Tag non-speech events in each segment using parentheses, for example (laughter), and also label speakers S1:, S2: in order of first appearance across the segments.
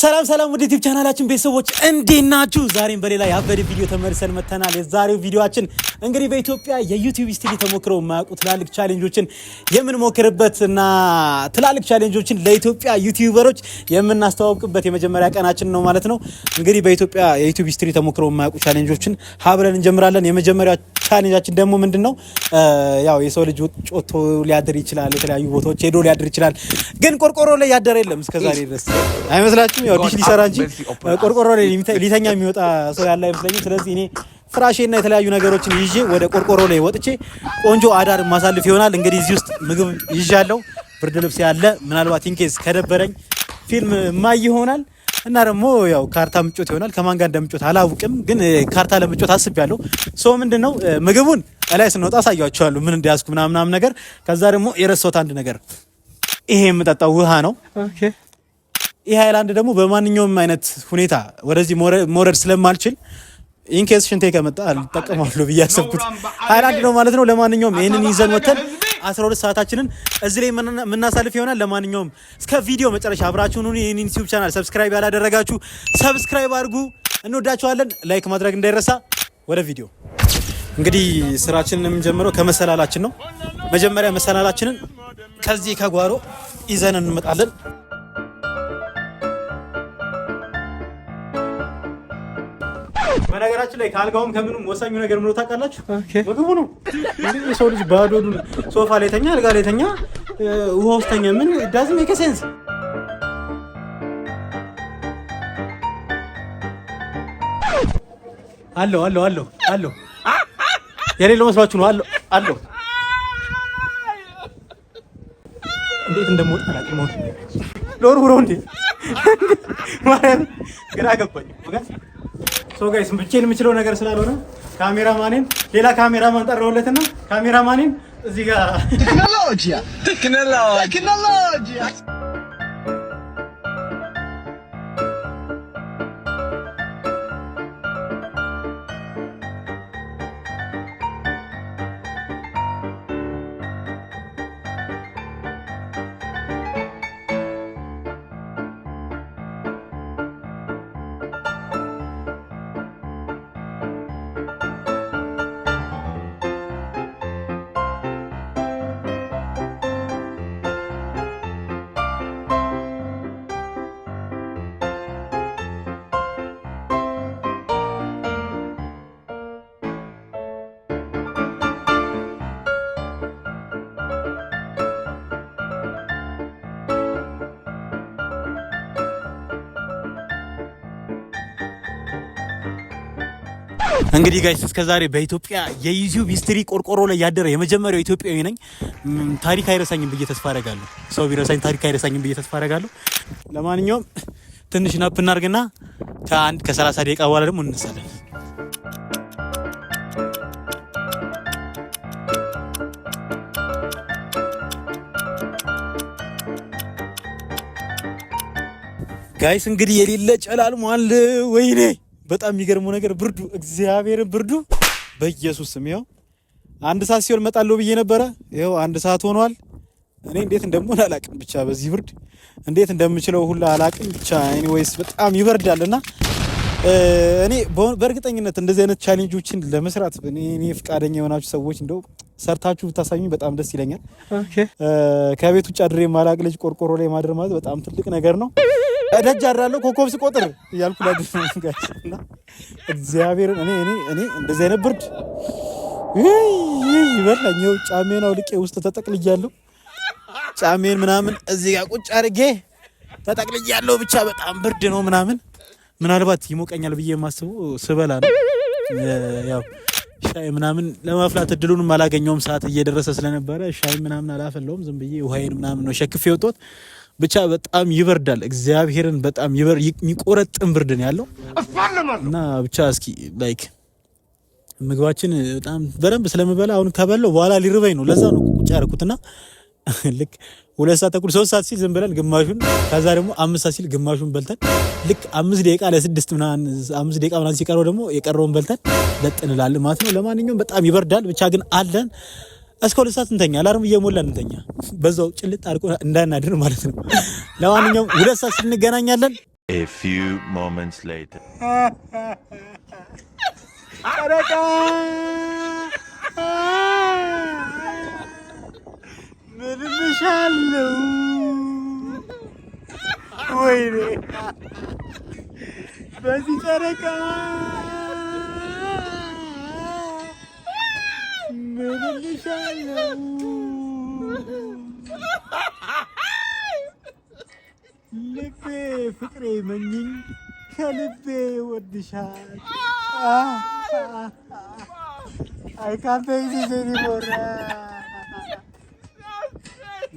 S1: ሰላም ሰላም ወደ ዩቲዩብ ቻናላችን ቤተሰቦች እንዴት ናችሁ? ዛሬም በሌላ ያበደ ቪዲዮ ተመልሰን መጥተናል። የዛሬው ቪዲዮአችን እንግዲህ በኢትዮጵያ የዩቲዩብ ስትሪ ተሞክረው የማያውቁ ትላልቅ ቻሌንጆችን የምንሞክርበት እና ትላልቅ ቻሌንጆችን ለኢትዮጵያ ዩቲዩበሮች የምናስተዋውቅበት የመጀመሪያ ቀናችን ነው ማለት ነው። እንግዲህ በኢትዮጵያ የዩቲዩብ ስትሪ ተሞክረው የማያውቁ ቻሌንጆችን ሀብረን እንጀምራለን። የመጀመሪያ ቻሌንጃችን ደግሞ ምንድን ነው? ያው የሰው ልጅ ጮቶ ሊያድር ይችላል፣ የተለያዩ ቦታዎች ሄዶ ሊያድር ይችላል። ግን ቆርቆሮ ላይ ያደረ የለም እስከዛሬ ድረስ አይመስላችሁ? ዲሽ ሊሰራ እንጂ ቆርቆሮ ላይ ሊተኛ የሚወጣ ሰው ያለ አይመስለኝም። ስለዚህ እኔ ፍራሼና የተለያዩ ነገሮችን ይዤ ወደ ቆርቆሮ ላይ ወጥቼ ቆንጆ አዳር ማሳልፍ ይሆናል። እንግዲህ እዚህ ውስጥ ምግብ ይዣለሁ፣ ብርድ ልብስ ያለ ምናልባት ኢንኬስ ከደበረኝ ፊልም ማይ ይሆናል እና ደግሞ ያው ካርታ ምጮት ይሆናል። ከማን ጋር እንደምጮት አላውቅም፣ ግን ካርታ ለምጮት አስቤያለሁ። ሰው ምንድን ነው ምግቡን እላይ ስንወጣ አሳያችኋለሁ፣ ምን እንደያዝኩ ምናምናም ነገር። ከዛ ደግሞ የረሳሁት አንድ ነገር ይሄ የምጠጣው ውሃ ነው። ይህ ሀይላንድ ደግሞ በማንኛውም አይነት ሁኔታ ወደዚህ መውረድ ስለማልችል ኢንኬስ ሽንቴ ከመጣ አልጠቀማሉ ብዬ ያሰብኩት ነው ማለት ነው። ለማንኛውም ይህንን ይዘን ወተን 12 ሰዓታችንን እዚህ ላይ የምናሳልፍ ይሆናል። ለማንኛውም እስከ ቪዲዮ መጨረሻ አብራችሁን ሁኑ። ይህን ዩቲዩብ ቻናል ሰብስክራይብ ያላደረጋችሁ ሰብስክራይብ አድርጉ። እንወዳችኋለን። ላይክ ማድረግ እንዳይረሳ። ወደ ቪዲዮ እንግዲህ ስራችንን የምንጀምረው ከመሰላላችን ነው። መጀመሪያ መሰላላችንን ከዚህ ከጓሮ ይዘን እንመጣለን። በነገራችን ላይ ከአልጋውም ከምንም ወሳኙ ነገር ምኖ ታውቃላችሁ፣ ምግቡ ነው። ሰው ልጅ ባዶ ሶፋ ላይ ተኛ፣ አልጋ ላይ ተኛ፣ ውሃ ውስጥ ተኛ፣ ምን ዳዝም ሜክ አለው አለው አለው አለው የሌለው መስሏችሁ ነው። አለው አለው እንዴት እንደምወጣ አላውቅም። ሎር ብሮ እንዴ ማለት ግራ ገባኝ። ወጋ ሶ ጋይስ ብቻዬን የምችለው ነገር ስላልሆነ ካሜራማኔን ሌላ ካሜራማን ጠራሁለትና ካሜራማኔን እዚህ ጋር
S2: ቴክኖሎጂ ቴክኖሎጂ ቴክኖሎጂ
S1: እንግዲህ ጋይስ እስከ ዛሬ በኢትዮጵያ የዩቲዩብ ሂስትሪ ቆርቆሮ ላይ ያደረ የመጀመሪያው ኢትዮጵያዊ ነኝ። ታሪክ አይረሳኝም ብዬ ተስፋ አረጋለሁ። ሰው ቢረሳኝ ታሪክ አይረሳኝም ብዬ ተስፋ አረጋለሁ። ለማንኛውም ትንሽ ናፕ እናርግና ከአንድ ከሰላሳ ደቂቃ በኋላ ደግሞ እንነሳለን። ጋይስ እንግዲህ የሌለ ጨላልሟል። ወይኔ በጣም የሚገርመው ነገር ብርዱ እግዚአብሔር ብርዱ በኢየሱስ ስም ይኸው አንድ ሰዓት ሲሆን እመጣለሁ ብዬ ነበረ። ይኸው አንድ ሰዓት ሆኗል። እኔ እንዴት እንደምሆን አላቅም፣ ብቻ በዚህ ብርድ እንዴት እንደምችለው ሁላ አላቅም። ብቻ ኤኒዌይስ በጣም ይበርዳል እና እኔ በእርግጠኝነት እንደዚህ አይነት ቻሌንጆችን ለመስራት እኔ ፈቃደኛ የሆናችሁ ሰዎች እንደው ሰርታችሁ ብታሳዩኝ በጣም ደስ ይለኛል። ከቤት ውጭ አድሬ ማላቅ ልጅ ቆርቆሮ ላይ ማድር ማለት በጣም ትልቅ ነገር ነው። እደጅ አድራለሁ ኮከብ ሲቆጥር እያልኩ ላድርና እኔ እኔ እኔ እንደዚህ አይነት ብርድ ይበላኝ። ይኸው ጫሜን አውልቄ ውስጥ ተጠቅልያለሁ። ጫሜን ምናምን እዚህ ጋር ቁጭ አድርጌ ተጠቅልያለሁ። ብቻ በጣም ብርድ ነው ምናምን ምናልባት ይሞቀኛል ብዬ የማስበው ስበላ ነው። ያው ሻይ ምናምን ለማፍላት እድሉንም አላገኘውም፣ ሰዓት እየደረሰ ስለነበረ ሻይ ምናምን አላፈለውም። ዝም ብዬ ውሃዬን ምናምን ነው ሸክፌ ወጥቶት ብቻ በጣም ይበርዳል። እግዚአብሔርን በጣም የሚቆረጥም ብርድን ያለው እና ብቻ እስኪ ላይክ ምግባችን በጣም በደንብ ስለምበላ አሁን ከበላው በኋላ ሊርበኝ ነው። ለዛ ነው ቁጭ ያደረኩትና ልክ ሁለት ሰዓት ተኩል ሶስት ሰዓት ሲል ዝም ብለን ግማሹን ከዛ ደግሞ አምስት ሰዓት ሲል ግማሹን በልተን ልክ አምስት ደቂቃ ለስድስት አምስት ደቂቃ ምናምን ሲቀረው ደግሞ የቀረውን በልተን ለጥ እንላለን ማለት ነው። ለማንኛውም በጣም ይበርዳል ብቻ ግን አለን እስከ ሁለት ሰዓት እንተኛ። አላርም እየሞላ እንተኛ። በዛው ጭልጥ አድርቆ እንዳናድር ማለት ነው። ለማንኛውም ሁለት ሰዓት እንገናኛለን።
S3: A few moments later.
S1: ምንልሻለው ወይኔ በዚህ ጨረቃ ልቤ ፍቅሬ መኝኝ ከልቤ ወድሻል።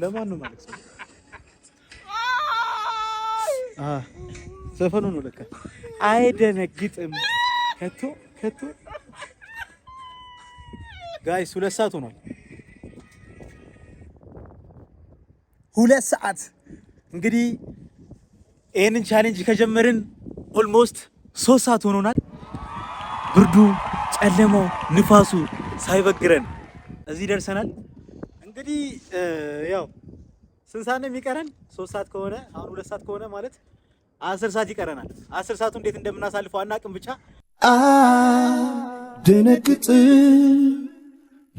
S1: ለማን ነው ማለት ሰው ዘፈኑ ነው ለካ አይደነግጥም ከቶ ከቶ ጋይስ ሁለት ሰዓት ሆኗል። ሁለት ሰዓት እንግዲህ ይህንን ቻሌንጅ ከጀመርን ኦልሞስት ሶስት ሰዓት ሆኖናል። ብርዱ፣ ጨለማው፣ ንፋሱ ሳይበግረን እዚህ ደርሰናል። እንግዲህ ያው ስንት ሰዓት ነው የሚቀረን? ሶስት ሰዓት ከሆነ አሁን ሁለት ሰዓት ከሆነ ማለት አስር ሰዓት ይቀረናል። አስር ሰዓቱ እንዴት እንደምናሳልፈው አናውቅም። ብቻ ደነግጥ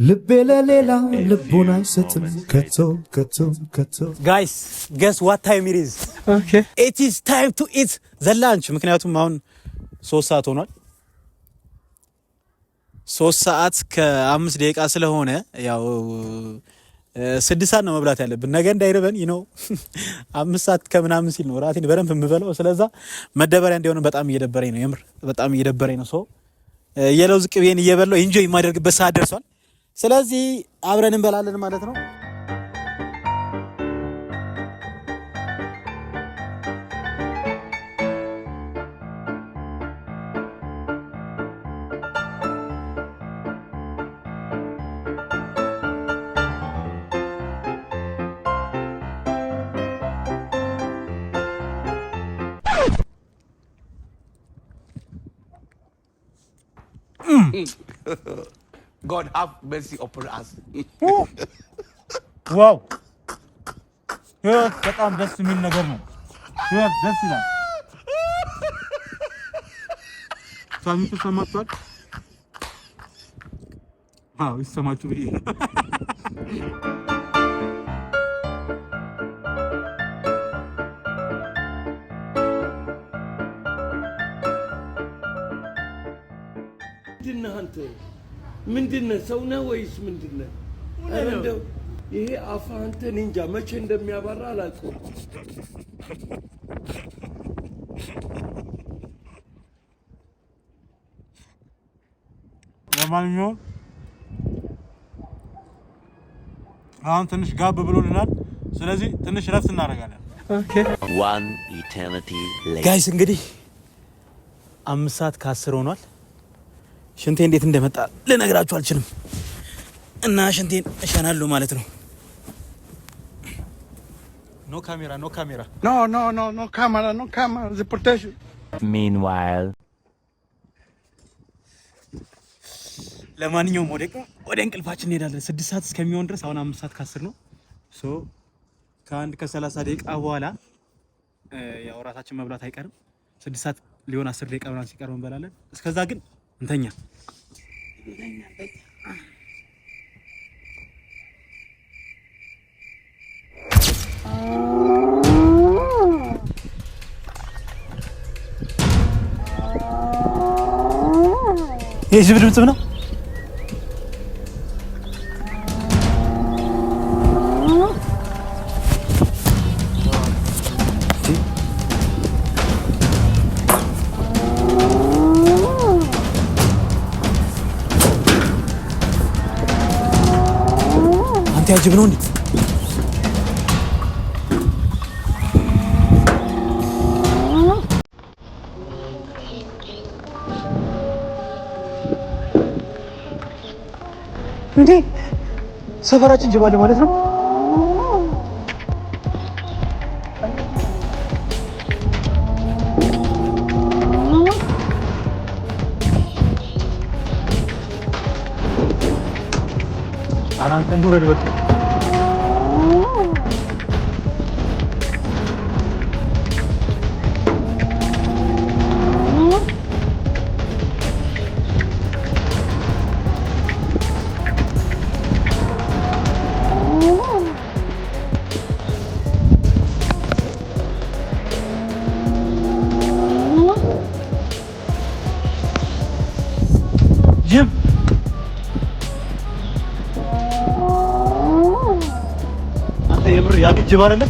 S1: ልቤ ለሌላ ልቡን አይሰጥም ከቶ ከቶ ከቶ። ጋይስ ገስ ዋት ታይም ኢት ኢዝ ኢት ኢዝ ታይም ቱ ኢት ዘላንች። ምክንያቱም አሁን ሶስት ሰዓት ሆኗል። ሶስት ሰዓት ከአምስት ደቂቃ ስለሆነ ያው ስድስት ሰዓት ነው መብላት ያለብን፣ ነገ እንዳይርበን ይነው (laughs) አምስት ሰዓት ከምናምን ሲል ነው ራቴን በደንብ የምበለው። ስለዛ መደበሪያ እንዲሆነ በጣም እየደበረኝ ነው፣ የምር በጣም እየደበረኝ ነው። ሰው የለውዝ ቅቤን እየበላው ኢንጆይ የማደርግበት ሰዓት ደርሷል። ስለዚህ አብረን እንበላለን ማለት ነው።
S2: God have mercy upon us.
S1: wow. Yeah, that's best to me in the government. Yeah, that's it. So I need to sum up that. Wow, to be (laughs) ምንድነህ? ሰው ነህ ወይስ ምንድነህ? እንደው ይሄ አፍህ አንተ እንጃ መቼ እንደሚያባራ አላውቅም። ለማንኛውም አሁን ትንሽ ጋብ ብሎልናል። ስለዚህ ትንሽ ረፍት እናደርጋለን። ጋይስ እንግዲህ አምስት ሰዓት ከአስር ሆኗል። ሽንቴ እንዴት እንደመጣ ልነግራችሁ አልችልም። እና ሽንቴን እሸናለሁ ማለት ነው። ኖ ካሜራ ኖ ካሜራ ኖ ኖ ኖ ኖ ካሜራ ኖ ካሜራ ዘ ፕሮቴክሽን
S3: ሚንዋይል
S1: ለማንኛውም ወደ ወደ እንቅልፋችን እንሄዳለን። ስድስት ሰዓት እስከሚሆን ድረስ አሁን አምስት ሰዓት ከአስር ነው። ሶ ከአንድ ከሰላሳ ደቂቃ በኋላ ያው እራታችን መብላት አይቀርም። ስድስት ሰዓት ሊሆን አስር ደቂቃ ምናምን ሲቀርብ እንበላለን። እስከዛ ግን እንተኛ የህዝብ ድምጽ ነው። እንዴ ሰፈራችን ጅባሌ ማለት ነው። አራንተ Annem. Anne Ebru ya bir civarında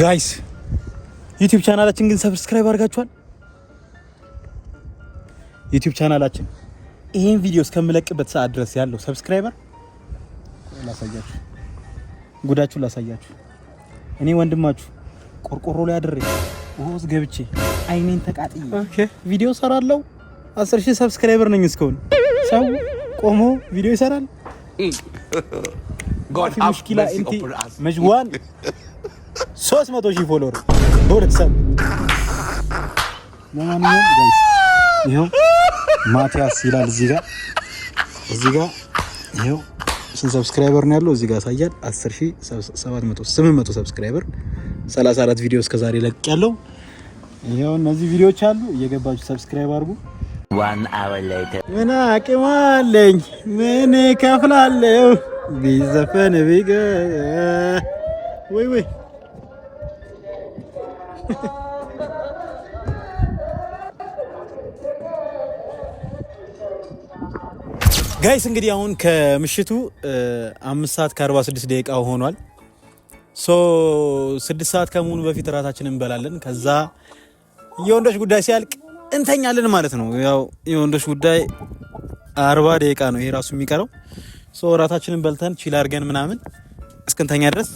S1: ጋይስ ዩቲዩብ ቻናላችን ግን ሰብስክራይብ አድርጋችኋል? ዩቲዩብ ቻናላችን ይሄን ቪዲዮ እስከምለቅበት ሰዓት ድረስ ያለው ሰብስክራይበር ላሳያችሁ፣ ጉዳችሁ ላሳያችሁ። እኔ ወንድማችሁ ቆርቆሮ ላይ አድሬ ውሃ ውስጥ ገብቼ አይኔን ተቃጥዬ ቪዲዮ ሰራለው። አስር ሺህ ሰብስክራይበር ነኝ። እስከሆነ ሰው ቆሞ ቪዲዮ ይሰራል።
S2: ሙሽኪላ ንቲ
S1: መጅዋን ሶስት መቶ ሺህ ፎሎወር በሁለት ሳምንት። ማቲያስ ይላል እዚህ ጋር እዚህ ጋር ይኸው ስንት ሰብስክራይበር ነው ያለው? እዚህ ጋር ያሳያል 10700 800 ሰብስክራይበር 34 ቪዲዮ እስከ ዛሬ ለቅ ያለው ይኸው እነዚህ ቪዲዮዎች አሉ። እየገባችሁ ሰብስክራይብ አድርጉ። ምን አቅም አለኝ ምን ከፍላለሁ ቢዘፈን ቢገ ወይ ወይ ጋይስ እንግዲህ አሁን ከምሽቱ አምስት ሰዓት ከአርባ ስድስት ደቂቃ ሆኗል። ሶ ስድስት ሰዓት ከመሆኑ በፊት እራታችን እንበላለን። ከዛ የወንዶች ጉዳይ ሲያልቅ እንተኛለን ማለት ነው። ያው የወንዶች ጉዳይ አርባ ደቂቃ ነው ይሄ ራሱ የሚቀረው። ሶ እራታችንን በልተን ቺል አድርገን ምናምን እስክንተኛ ድረስ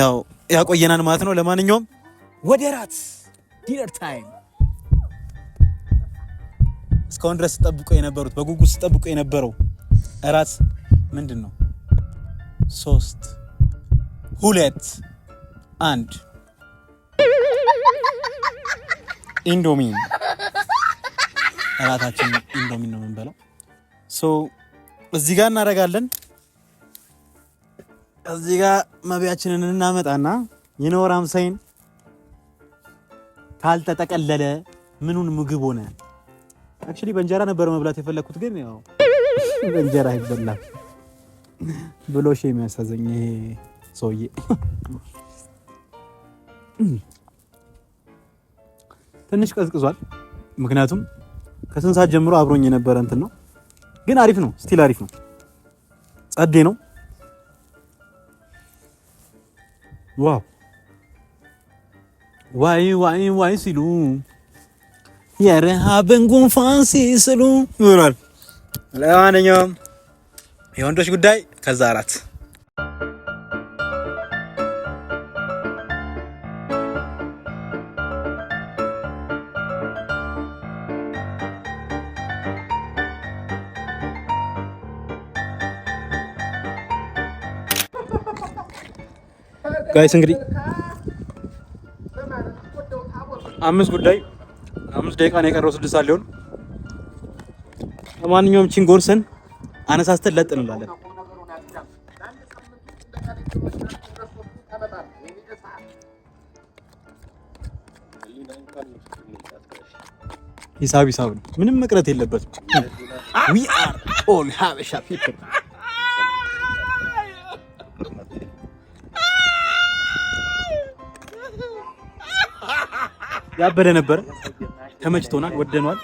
S1: ያው ያቆየናል ማለት ነው። ለማንኛውም ወደ ራት ዲነር ታይም እስካሁን ድረስ ስጠብቁ የነበሩት በጉጉት ስጠብቁ የነበረው እራት ምንድን ነው? ሶስት ሁለት አንድ ኢንዶሚ እራታችን ኢንዶሚ ነው የምንበላው። እዚህ ጋር እናደርጋለን። እዚህ ጋር መቢያችንን እናመጣና የነወር አምሳይን ካልተጠቀለለ ምኑን ምግብ ሆነ? አክቹሊ በእንጀራ ነበር መብላት የፈለግኩት፣ ግን ያው በእንጀራ አይበላም ብሎ የሚያሳዘኝ ይሄ ሰውዬ። ትንሽ ቀዝቅዟል፣ ምክንያቱም ከስንት ሰዓት ጀምሮ አብሮኝ የነበረ እንትን ነው። ግን አሪፍ ነው፣ ስቲል አሪፍ ነው፣ ጸዴ ነው። ዋው ዋይ ዋይ ዋይ ሲሉ የረሃብን ጉንፋን ሲስሉ ይሆናል። ለማንኛውም የወንዶች ጉዳይ ከዛ አራት ጋይስ እንግዲህ አምስት ጉዳይ አምስት ደቂቃ ነው የቀረው፣ ስድስት ሰዓት ከማንኛውም ቺን ጎርሰን አነሳስተን ለጥ እንላለን። ሂሳብ ሂሳብ ነው፣ ምንም መቅረት የለበትም። ዊ አር ኦል ሀበሻ ፒፕል ያበደ ነበር። ተመችቶናል፣ ወደኗል።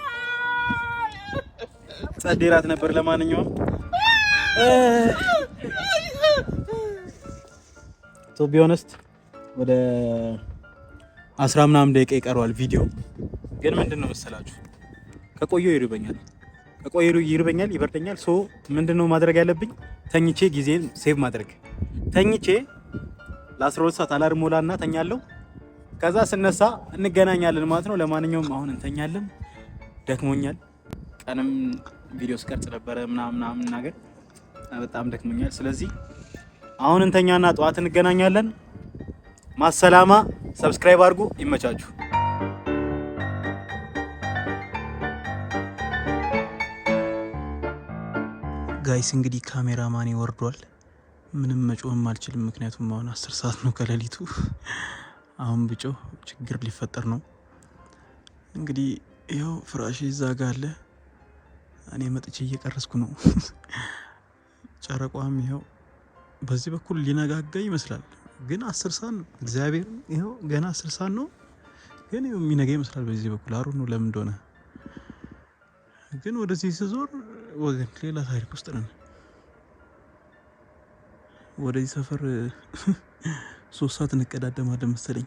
S1: ጸዴ እራት ነበር። ለማንኛውም ቶ ቢሆነስት ወደ አስራ ምናምን ደቂቃ ይቀረዋል ቪዲዮ ግን ምንድን ነው መሰላችሁ ከቆየሁ ይርበኛል ከቆየሁ ይርበኛል ይበርደኛል ሶ ምንድን ነው ማድረግ ያለብኝ ተኝቼ ጊዜን ሴቭ ማድረግ ተኝቼ ለአስራ ሁለት ሰዓት አላርም ሞላና ተኛለሁ ከዛ ስነሳ እንገናኛለን ማለት ነው። ለማንኛውም አሁን እንተኛለን፣ ደክሞኛል። ቀንም ቪዲዮ ስቀርጽ ነበረ ምናምን ነገር በጣም ደክሞኛል። ስለዚህ አሁን እንተኛና ጠዋት እንገናኛለን። ማሰላማ። ሰብስክራይብ አድርጉ። ይመቻችሁ። ጋይስ እንግዲህ ካሜራማን ወርዷል። ምንም መጮህም አልችልም፣ ምክንያቱም አሁን አስር ሰዓት ነው ከሌሊቱ አሁን ብጮህ ችግር ሊፈጠር ነው። እንግዲህ ይኸው ፍራሽ እዛ ጋ አለ። እኔ መጥቼ እየቀረስኩ ነው። ጨረቋም ይኸው በዚህ በኩል ሊነጋጋ ይመስላል፣ ግን አስር ሰዓት ነው። እግዚአብሔር ይኸው ገና አስር ሰዓት ነው፣ ግን የሚነጋ ይመስላል በዚህ በኩል አሩ ነው ለምን እንደሆነ ግን ወደዚህ ስዞር ወገን ሌላ ታሪክ ውስጥ ነን። ወደዚህ ሰፈር ሶስት ሰዓት እንቀዳደማለን መሰለኝ።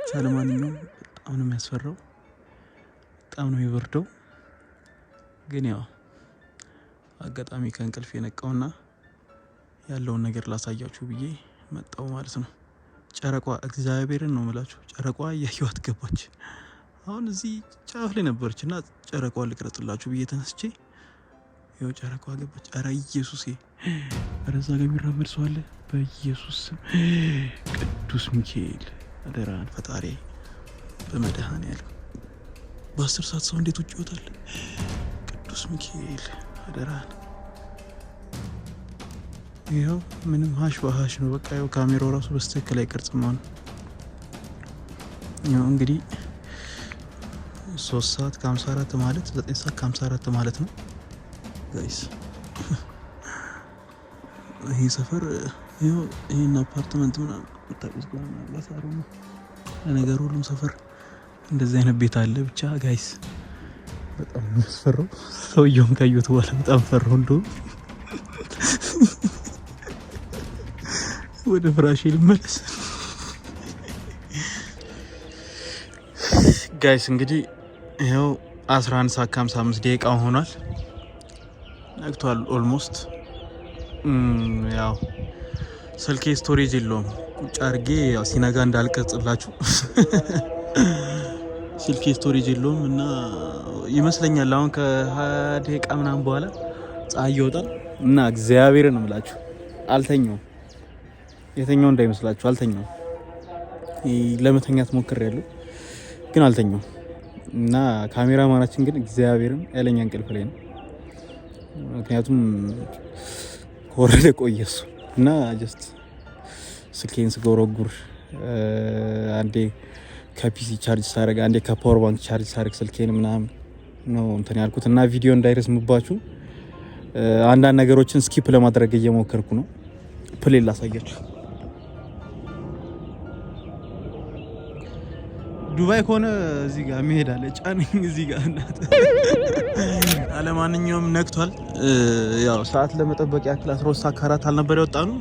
S1: ብቻ በጣም ነው የሚያስፈራው፣ በጣም ነው የሚበርደው። ግን ያው አጋጣሚ ከእንቅልፍ የነቃውና ያለውን ነገር ላሳያችሁ ብዬ መጣው ማለት ነው። ጨረቋ እግዚአብሔርን ነው ምላችሁ፣ ጨረቋ እያየዋት ገባች። አሁን እዚህ ጫፍ ላይ ነበረች እና ጨረቋ ልቅረጽላችሁ ብዬ ተነስቼ ያው ጨረቃ ገባች። ኧረ ኢየሱስ! ኧረ እዛ ጋር የሚራመድ ሰው አለ። በኢየሱስ ስም ቅዱስ ሚካኤል አደራን ፈጣሪ በመድሃን በመድኃኔዓለም በአስር ሰዓት ሰው እንዴት ውጭ ይወጣል? ቅዱስ ሚካኤል አደራን። ይኸው ምንም ሀሽ በሀሽ ነው። በቃ ያው ካሜራው ራሱ በስትክክል አይቀርጽም። አሁን ያው እንግዲህ ሶስት ሰዓት ከሀምሳ አራት ማለት ዘጠኝ ሰዓት ከሀምሳ አራት ማለት ነው። ጋይስ ይሄ ሰፈር ይህን አፓርትመንት ምናምን የምታውቁት ከሆነ ላሳሩ ነው። ለነገሩ ሁሉም ሰፈር እንደዚህ አይነት ቤት አለ። ብቻ ጋይስ በጣም የሚያስፈራው ሰውየውን ካየሁት በኋላ በጣም ፈራው። እንደውም ወደ ፍራሽ ልመለስ። ጋይስ እንግዲህ ይኸው 11 ሰዓት ከ55 ደቂቃ ሆኗል። ነግቷል። ኦልሞስት ያው ስልኬ ስቶሬጅ የለውም። ቁጭ አድርጌ ሲነጋ እንዳልቀርጽላችሁ (laughs) ስልኬ ስቶሬጅ የለውም እና ይመስለኛል አሁን ከሀያ ደቂቃ ምናምን በኋላ ፀሐይ ይወጣል እና እግዚአብሔር ነው ምላችሁ አልተኛው የተኛው እንዳይመስላችሁ አልተኛው። ለመተኛት ሞክር ያሉ ግን አልተኛው እና ካሜራ ማናችን ግን እግዚአብሔርም ያለኛ እንቅልፍ ላይ ነው። ምክንያቱም ከወረደ ቆየ እሱ እና ጀስት ስልኬን ስጎረጉር አንዴ ከፒሲ ቻርጅ ሳረግ አንዴ ከፓወር ባንክ ቻርጅ ሳረግ ስልኬን ምናምን ነው እንትን ያልኩት እና ቪዲዮ እንዳይረስምባችሁ አንዳንድ ነገሮችን ስኪፕ ለማድረግ እየሞከርኩ ነው። ፕሌን ላሳያችሁ። ዱባይ ከሆነ እዚህ ጋር መሄዳለ ጫነኝ እዚህ ጋር እናት። አለማንኛውም ነግቷል። ያው ሰዓት ለመጠበቅ ያክል 13 አካራት አልነበር ያወጣ ነው።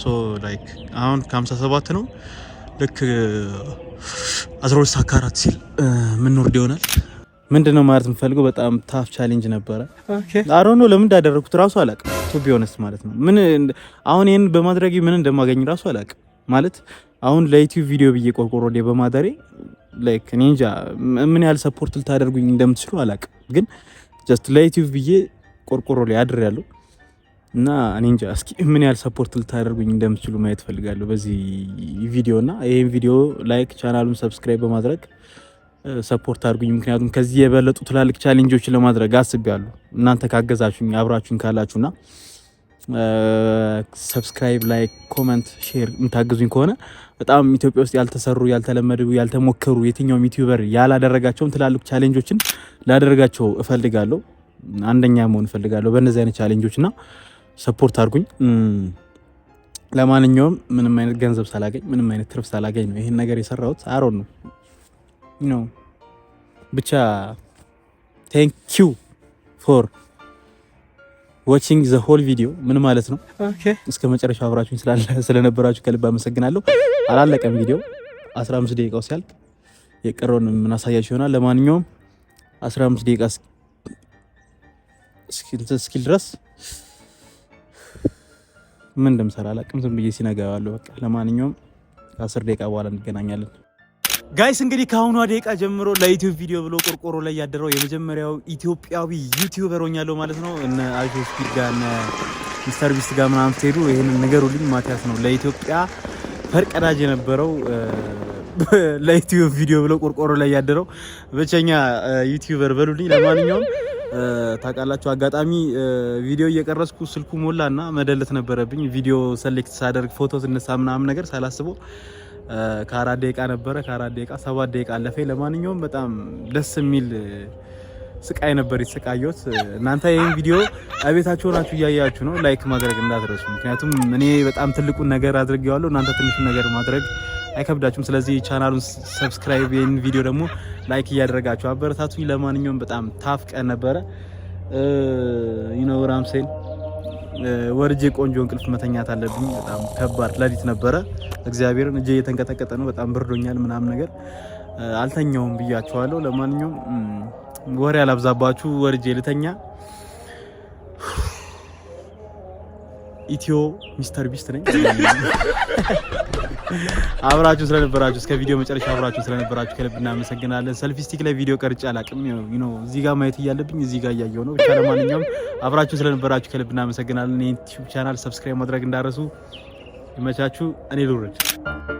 S1: ሶ ላይክ አሁን ከ57 ነው። ልክ 13 አካራት ከአራት ሲል ምንወርድ ይሆናል። ምንድን ነው ማለት የምፈልገው በጣም ታፍ ቻሌንጅ ነበረ። አሮ ነው ለምን እንዳደረግኩት ራሱ አላውቅም። ቱ ቢሆነስ ማለት ነው ምን አሁን ይህን በማድረግ ምን እንደማገኝ ራሱ አላውቅም ማለት አሁን ለዩቲዩብ ቪዲዮ ብዬ ቆርቆሮ በማደሬ ላይክ እኔ እንጃ ምን ያህል ሰፖርት ልታደርጉኝ እንደምትችሉ አላቅም ግን ጀስት ለዩቲዩብ ብዬ ቆርቆሮ ላይ አድር ያለው እና እኔ እንጃ እስኪ ምን ያህል ሰፖርት ልታደርጉኝ እንደምትችሉ ማየት ፈልጋለሁ በዚህ ቪዲዮ እና ይህም ቪዲዮ ላይክ ቻናሉን ሰብስክራይብ በማድረግ ሰፖርት አድርጉኝ። ምክንያቱም ከዚህ የበለጡ ትላልቅ ቻሌንጆችን ለማድረግ አስቤያለሁ እናንተ ካገዛችሁኝ አብራችሁኝ ካላችሁና ሰብስክራይብ፣ ላይክ፣ ኮመንት፣ ሼር የምታግዙኝ ከሆነ በጣም ኢትዮጵያ ውስጥ ያልተሰሩ ያልተለመዱ ያልተሞከሩ የትኛውም ዩቲዩበር ያላደረጋቸውም ትላልቅ ቻሌንጆችን ላደረጋቸው እፈልጋለሁ። አንደኛ መሆን እፈልጋለሁ በእነዚህ አይነት ቻሌንጆች እና ሰፖርት አድርጉኝ። ለማንኛውም ምንም አይነት ገንዘብ ሳላገኝ ምንም አይነት ትርፍ ሳላገኝ ነው ይህን ነገር የሰራሁት። አሮን ነው ነው ብቻ ቴንክ ፎር ዋቺንግ ዘ ሆል ቪዲዮ ምን ማለት ነው? እስከ መጨረሻው አብራችሁኝ (laughs) ስለነበራችሁ ከልብ አመሰግናለሁ። አላለቀም ቪዲዮ 15 ደቂቃው ሲያልቅ የቀረውን የምናሳያችሁ ይሆናል። ለማንኛውም 15 ደቂቃ እስኪል ድረስ ምን እንደምሰራ አላቅም። ዝም ብዬ ሲነጋ በቃ ለማንኛውም ከአስር ደቂቃ በኋላ እንገናኛለን። ጋይስ እንግዲህ ከአሁኗ ደቂቃ ጀምሮ ለዩቲዩብ ቪዲዮ ብሎ ቆርቆሮ ላይ ያደረው የመጀመሪያው ኢትዮጵያዊ ዩቲዩበር ሆኛለሁ ማለት ነው። እነ አጆ ስፒድ ጋር እነ ሚስተር ቢስት ጋር ምናምን ስትሄዱ ይህንን ንገሩልኝ። ማቲያስ ነው ለኢትዮጵያ ፈርቀዳጅ የነበረው ለዩቲዩብ ቪዲዮ ብሎ ቆርቆሮ ላይ ያደረው ብቸኛ ዩቲዩበር በሉልኝ። ለማንኛውም ታውቃላችሁ አጋጣሚ ቪዲዮ እየቀረስኩ ስልኩ ሞላ እና መደለት ነበረብኝ። ቪዲዮ ሰሌክት ሳደርግ ፎቶ ስነሳ ምናምን ነገር ሳላስበው ከአራት ደቂቃ ነበረ። ከአራት ደቂቃ ሰባት ደቂቃ አለፈ። ለማንኛውም በጣም ደስ የሚል ስቃይ ነበር የተሰቃየሁት። እናንተ ይህን ቪዲዮ ቤታችሁ ሆናችሁ እያያችሁ ነው፣ ላይክ ማድረግ እንዳትረሱ። ምክንያቱም እኔ በጣም ትልቁን ነገር አድርጌዋለሁ፣ እናንተ ትንሹን ነገር ማድረግ አይከብዳችሁም። ስለዚህ ቻናሉን ሰብስክራይብ፣ ይህን ቪዲዮ ደግሞ ላይክ እያደረጋችሁ አበረታቱኝ። ለማንኛውም በጣም ታፍቀ ነበረ። ይነው ራምሴን ወርጄ ቆንጆ እንቅልፍ መተኛት አለብኝ። በጣም ከባድ ለሊት ነበረ። እግዚአብሔርን እጄ እየተንቀጠቀጠ ነው። በጣም ብርዶኛል ምናምን ነገር አልተኛውም ብያቸዋለሁ። ለማንኛውም ወሬ አላብዛባችሁ፣ ወርጄ ልተኛ። ኢትዮ ሚስተር ቢስት ነኝ። አብራችሁ ስለነበራችሁ እስከ ቪዲዮ መጨረሻ አብራችሁ ስለነበራችሁ ከልብ እናመሰግናለን። ሰልፊ ስቲክ ላይ ቪዲዮ ቀርጬ አላቅም። ዩ እዚህ ጋር ማየት እያለብኝ እዚህ ጋር እያየሁ ነው። ብቻ ለማንኛውም አብራችሁ ስለነበራችሁ ከልብ እናመሰግናለን። ይህን ዩቲዩብ ቻናል ሰብስክራይብ ማድረግ እንዳረሱ። ይመቻችሁ። እኔ ልውረድ።